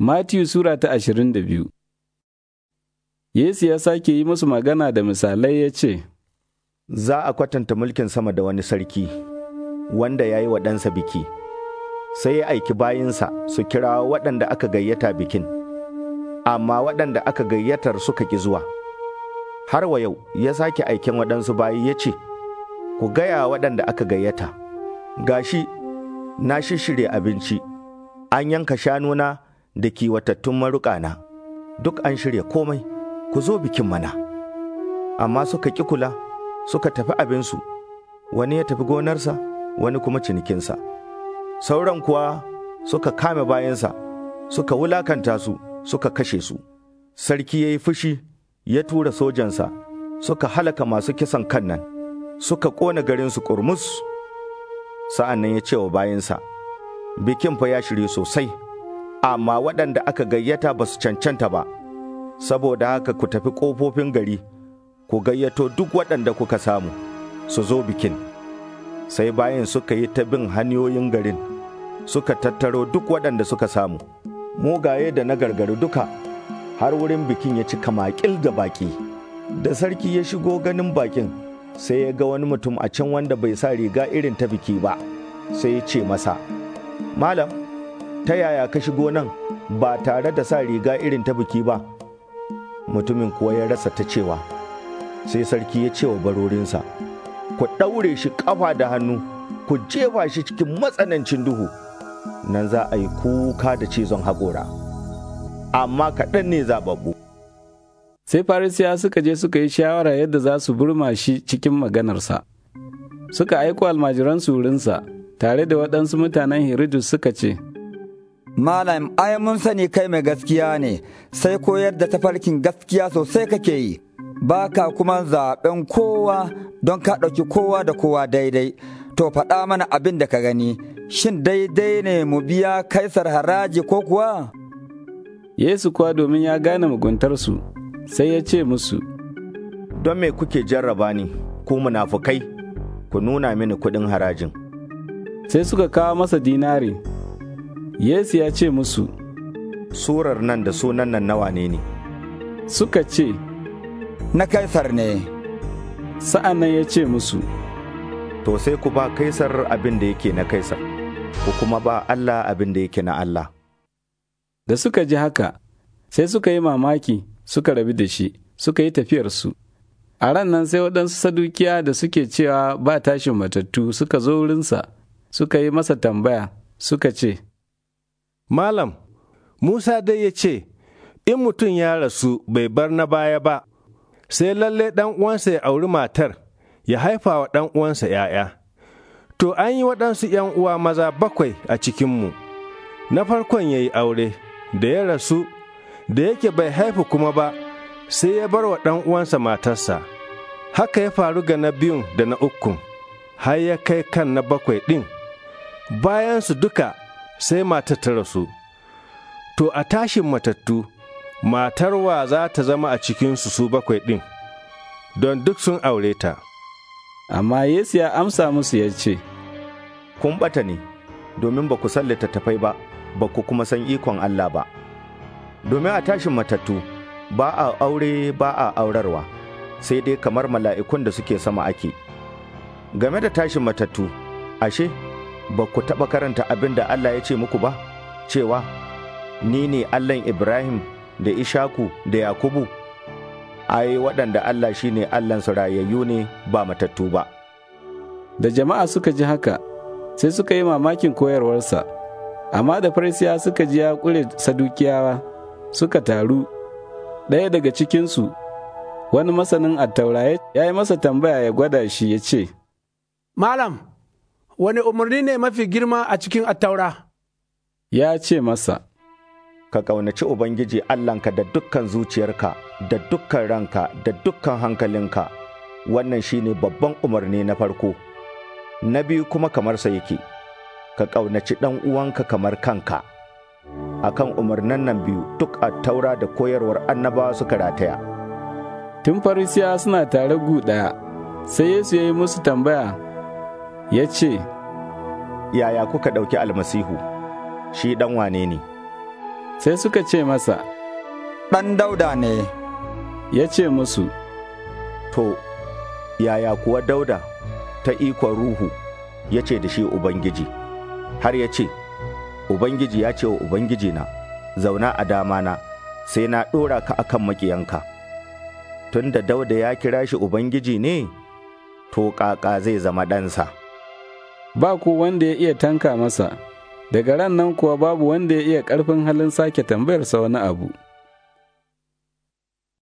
Matiyu Sura ta ashirin da biyu Yesu ya sake yi musu magana da misalai ya ce, Za a kwatanta mulkin sama da wani sarki, wanda ya yi wa biki, sai ya aiki bayinsa su kira waɗanda aka gayyata bikin, amma waɗanda aka gayyatar suka ki zuwa. Har wa yau ya sake aikin waɗansu bayi ya ce, Ku gaya waɗanda aka gayyata, gashi na shirya abinci, an yanka shanuna da kiwatattun marukana, duk an shirya komai, ku zo bikin mana. Amma suka ƙi kula, suka tafi abinsu, wani ya tafi gonarsa, wani kuma cinikinsa. Sauran kuwa suka kame bayansa, suka wulakanta su, suka kashe su. Sarki ya yi fushi, ya tura sojansa, suka halaka masu kisan kan nan, suka ƙona garinsu ƙurmus. Sa'an nan ya ce wa bayansa, bikin fa ya shirye sosai. amma waɗanda aka gayyata ba su cancanta ba, saboda haka ku tafi ƙofofin gari, ku gayyato duk waɗanda kuka samu, su zo bikin. Sai bayan suka yi ta bin hanyoyin garin, suka tattaro duk waɗanda suka samu, mugaye da na gargaru duka, har wurin bikin ya cika maƙil da baƙi. Da sarki ya shigo ganin bakin, sai ya ga wani mutum a can wanda bai sa riga irin ta biki ba, sai ya ce masa, Malam, ta yaya ka shigo nan ba tare da sa riga irin ta biki ba mutumin kuwa ya rasa ta cewa sai sarki ya cewa barorinsa ku ɗaure shi ƙafa da hannu ku jefa shi cikin matsanancin duhu nan za a yi kuka da cizon haƙora amma kaɗan ne zaɓaɓɓu sai farisiya suka je suka yi shawara yadda za su burma shi cikin maganarsa suka aiko almajiransu wurinsa tare da waɗansu mutanen hiridus suka ce Malam, ai mun sani kai mai gaskiya ne, sai koyar da tafarkin gaskiya sosai kake yi, ba ka kuma zaɓen kowa don ka ɗauki kowa da kowa daidai, to faɗa mana abin da ka gani, shin daidai ne mu biya kaisar haraji ko kuwa? Yesu kuwa domin ya gane muguntarsu, sai ya ce musu, Don me kuke jarraba ni, ku munafukai, ku nuna mini kuɗin harajin. Sai suka kawo masa dinari. Yesu ya ce musu, Surar nan da sunan nan nawa ne ne? Suka ce, Na Kaisar ne. Sa'an nan ya ce musu, To sai ku ba Kaisar abin da yake na Kaisar, ku kuma ba Allah abin da yake na Allah. Da suka ji haka, sai suka yi mamaki suka rabi da shi, suka yi tafiyarsu. A ran nan sai waɗansu sadukiya da suke cewa ba tashin matattu suka zo wurinsa, suka yi masa tambaya, suka ce, Malam, Musa dai ya ce, In mutum ya rasu bai bar na baya ba, sai lalle ɗan uwansa ya auri matar, ya haifa wa ɗan uwansa ‘ya'ya. To, an yi waɗansu ‘yan uwa maza bakwai a cikinmu, na farkon ya yi aure, da ya rasu, da yake bai haifu kuma ba, sai ya bar wa ɗan uwansa matarsa. Haka ya faru ga na biyun da na ukun, har ya kai kan na bakwai ɗin. Bayansu duka sai matar ta rasu to a tashin matattu matarwa za ta zama a cikin su bakwai ɗin don duk sun aure ta amma yesu ya amsa musu ya ce kun ɓata ne domin ba ku san littattafai ba ba ku kuma san ikon allah ba domin a tashin matattu ba a aure ba a aurarwa sai dai kamar mala'ikun da suke sama ake game da tashin matattu ashe ba ku taɓa karanta abin da Allah ya ce muku ba, cewa, Ni ne Allahn Ibrahim da Ishaku da Yakubu, ai waɗanda Allah shi ne Allahnsu rayayyu ne ba matattu ba. Da jama'a suka ji haka, sai suka yi mamakin koyarwarsa, amma da farisiya suka ji ya ƙure sadukiyawa suka taru, ɗaya daga cikinsu, wani masanin attaura ya yi masa tambaya ya gwada shi ya ce, Malam! wani umarni ne mafi girma a cikin attaura? Ya ce masa, Ka ƙaunaci Ubangiji Allahnka da dukkan zuciyarka, da dukkan ranka, da dukkan hankalinka, wannan shi ne babban umarni na farko. Na biyu kuma kamar sa yake, ka ƙaunaci ɗan uwanka kamar kanka. Akan umarnan nan biyu duk attaura da koyarwar annabawa suka rataya. Tun farisiya suna tare guɗaya, sai Yesu ya yi musu tambaya. ya ce, Yaya kuka ɗauki almasihu, shi ɗan wane ne? Sai suka ce masa, Ɗan dauda ne, ya ce musu, To, yaya kuwa dauda ta ikon ruhu ya ce da shi Ubangiji, har ya ce, Ubangiji ya ce wa Ubangijina, zauna a damana, sai na ɗora ka akan maƙiyanka. Tun da dauda ya kira shi Ubangiji ne, to ƙaƙa zai zama ɗansa. ba ku wanda ya iya tanka masa, daga ran nan kuwa babu wanda ya iya ƙarfin halin sake tambayarsa wani abu.